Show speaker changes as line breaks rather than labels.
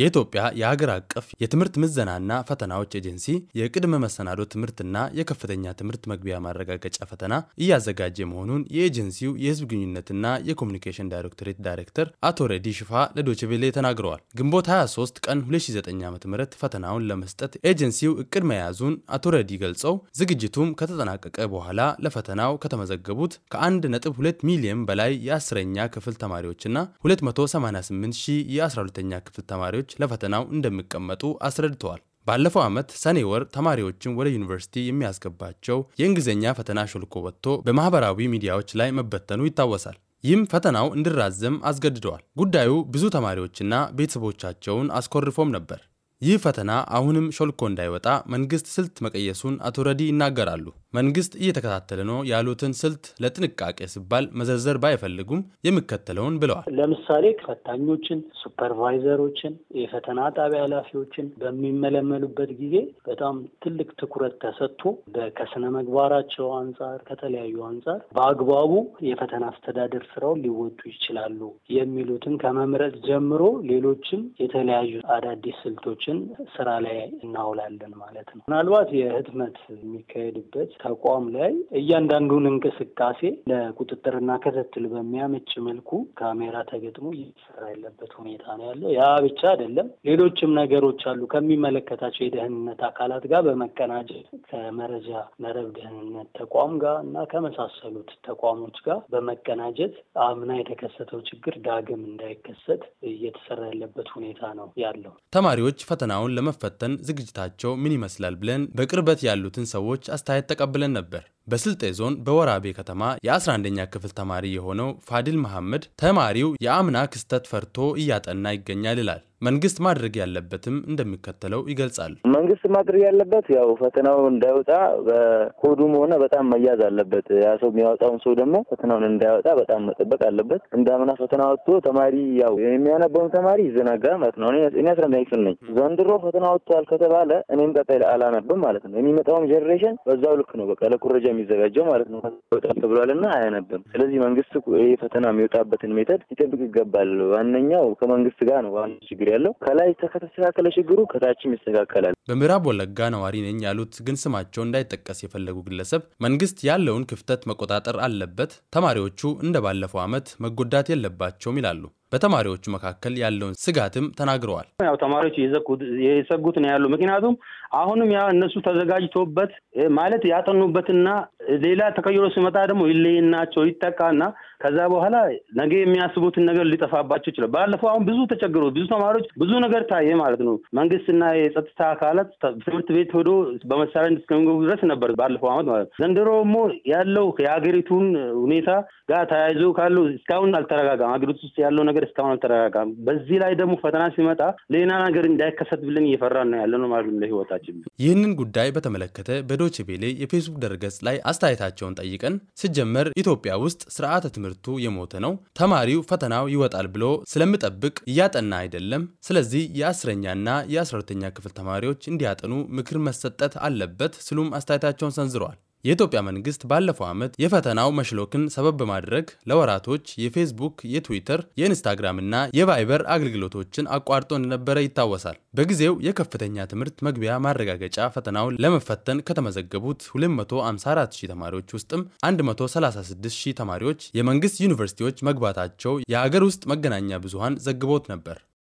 የኢትዮጵያ የሀገር አቀፍ የትምህርት ምዘናና ፈተናዎች ኤጀንሲ የቅድመ መሰናዶ ትምህርትና የከፍተኛ ትምህርት መግቢያ ማረጋገጫ ፈተና እያዘጋጀ መሆኑን የኤጀንሲው የሕዝብ ግንኙነትና የኮሚኒኬሽን ዳይሬክቶሬት ዳይሬክተር አቶ ረዲ ሽፋ ለዶችቬሌ ተናግረዋል። ግንቦት 23 ቀን 2009 ዓ.ም ፈተናውን ለመስጠት ኤጀንሲው እቅድ መያዙን አቶ ረዲ ገልጸው ዝግጅቱም ከተጠናቀቀ በኋላ ለፈተናው ከተመዘገቡት ከ1.2 ሚሊዮን በላይ የ1ኛ ክፍል ተማሪዎችና 288 ሺህ የ12ኛ ክፍል ተማሪዎች ተማሪዎች ለፈተናው እንደሚቀመጡ አስረድተዋል። ባለፈው ዓመት ሰኔ ወር ተማሪዎችን ወደ ዩኒቨርሲቲ የሚያስገባቸው የእንግሊዝኛ ፈተና ሾልኮ ወጥቶ በማህበራዊ ሚዲያዎች ላይ መበተኑ ይታወሳል። ይህም ፈተናው እንዲራዘም አስገድደዋል። ጉዳዩ ብዙ ተማሪዎችና ቤተሰቦቻቸውን አስኮርፎም ነበር። ይህ ፈተና አሁንም ሾልኮ እንዳይወጣ መንግስት ስልት መቀየሱን አቶ ረዲ ይናገራሉ። መንግስት እየተከታተለ ነው ያሉትን ስልት ለጥንቃቄ ሲባል መዘርዘር ባይፈልጉም የሚከተለውን ብለዋል።
ለምሳሌ ፈታኞችን፣ ሱፐርቫይዘሮችን፣ የፈተና ጣቢያ ኃላፊዎችን በሚመለመሉበት ጊዜ በጣም ትልቅ ትኩረት ተሰጥቶ ከስነ መግባራቸው አንጻር ከተለያዩ አንጻር በአግባቡ የፈተና አስተዳደር ስራውን ሊወጡ ይችላሉ የሚሉትን ከመምረጥ ጀምሮ ሌሎችም የተለያዩ አዳዲስ ስልቶች ችግሮችን ስራ ላይ እናውላለን ማለት ነው። ምናልባት የህትመት የሚካሄድበት ተቋም ላይ እያንዳንዱን እንቅስቃሴ ለቁጥጥርና ክትትል በሚያመች መልኩ ካሜራ ተገጥሞ እየተሰራ ያለበት ሁኔታ ነው ያለው። ያ ብቻ አይደለም፣ ሌሎችም ነገሮች አሉ። ከሚመለከታቸው የደህንነት አካላት ጋር በመቀናጀት ከመረጃ መረብ ደህንነት ተቋም ጋር እና ከመሳሰሉት ተቋሞች ጋር በመቀናጀት አምና የተከሰተው ችግር ዳግም እንዳይከሰት እየተሰራ ያለበት ሁኔታ ነው
ያለው። ተማሪዎች ፈተናውን ለመፈተን ዝግጅታቸው ምን ይመስላል ብለን በቅርበት ያሉትን ሰዎች አስተያየት ተቀብለን ነበር። በስልጤ ዞን በወራቤ ከተማ የ11ኛ ክፍል ተማሪ የሆነው ፋዲል መሐመድ ተማሪው የአምና ክስተት ፈርቶ እያጠና ይገኛል ይላል። መንግስት ማድረግ ያለበትም እንደሚከተለው ይገልጻል።
መንግስት ማድረግ ያለበት ያው ፈተናው እንዳይወጣ በኮዱም ሆነ በጣም መያዝ አለበት። ያ ሰው የሚያወጣውን ሰው ደግሞ ፈተናውን እንዳይወጣ በጣም መጠበቅ አለበት። እንዳምና ፈተና ወጥቶ ተማሪ ያው የሚያነበውን ተማሪ ይዘናጋ ማለት ነው። እኔ አስራ አንደኛ ክፍል ነኝ። ዘንድሮ ፈተና ወጥቷል ከተባለ እኔም ቀጣይ አላነብም ማለት ነው። የሚመጣውም ጀኔሬሽን በዛው ልክ ነው። በቃ ለኩረጃ የሚዘጋጀው ማለት ነው። ይወጣል ተብሏል እና አያነብም። ስለዚህ መንግስት ይህ ፈተና የሚወጣበትን ሜተድ ሊጠብቅ ይገባል። ዋነኛው ከመንግስት ጋር ነው ዋና ችግር ያለው። ከላይ ከተስተካከለ ችግሩ ከታችም ይስተካከላል።
በምዕራብ ወለጋ ነዋሪ ነኝ ያሉት ግን ስማቸው እንዳይጠቀስ የፈለጉ ግለሰብ መንግስት ያለውን ክፍተት መቆጣጠር አለበት፣ ተማሪዎቹ እንደ ባለፈው ዓመት መጎዳት የለባቸውም ይላሉ። በተማሪዎቹ መካከል ያለውን ስጋትም ተናግረዋል።
ያው ተማሪዎች የሰጉት ነው ያሉ። ምክንያቱም አሁንም ያ እነሱ ተዘጋጅቶበት ማለት ያጠኑበትና ሌላ ተቀይሮ ሲመጣ ደግሞ ይለይናቸው ይጠቃና ከዛ በኋላ ነገ የሚያስቡትን ነገር ሊጠፋባቸው ይችላል። ባለፈው አሁን ብዙ ተቸግሮ ብዙ ተማሪዎች ብዙ ነገር ታየ ማለት ነው። መንግስትና የጸጥታ አካላት ትምህርት ቤት ሄዶ በመሳሪያ እንድስከሚገቡ ድረስ ነበር ባለፈው አመት ማለት ነው። ዘንድሮ ሞ ያለው የሀገሪቱን ሁኔታ ጋር ተያይዞ ካለው እስካሁን አልተረጋጋም። ሀገሪቱ ውስጥ ያለው ነገር ነገር እስካሁን አልተረጋጋም። በዚህ ላይ ደግሞ ፈተና ሲመጣ ሌላ ነገር እንዳይከሰትብልን እየፈራን ነው ያለነው ማለት ነው ለህይወታችን።
ይህንን ጉዳይ በተመለከተ በዶች ቤሌ የፌስቡክ ድረገጽ ላይ አስተያየታቸውን ጠይቀን ሲጀመር ኢትዮጵያ ውስጥ ስርዓተ ትምህርቱ የሞተ ነው፣ ተማሪው ፈተናው ይወጣል ብሎ ስለምጠብቅ እያጠና አይደለም። ስለዚህ የአስረኛና የአስራ ሁለተኛ ክፍል ተማሪዎች እንዲያጠኑ ምክር መሰጠት አለበት ሲሉም አስተያየታቸውን ሰንዝረዋል። የኢትዮጵያ መንግስት ባለፈው ዓመት የፈተናው መሽሎክን ሰበብ በማድረግ ለወራቶች የፌስቡክ፣ የትዊተር፣ የኢንስታግራም እና የቫይበር አገልግሎቶችን አቋርጦ እንደነበረ ይታወሳል። በጊዜው የከፍተኛ ትምህርት መግቢያ ማረጋገጫ ፈተናውን ለመፈተን ከተመዘገቡት 254 ተማሪዎች ውስጥም 136000 ተማሪዎች የመንግስት ዩኒቨርሲቲዎች መግባታቸው የአገር ውስጥ መገናኛ ብዙሃን ዘግቦት ነበር።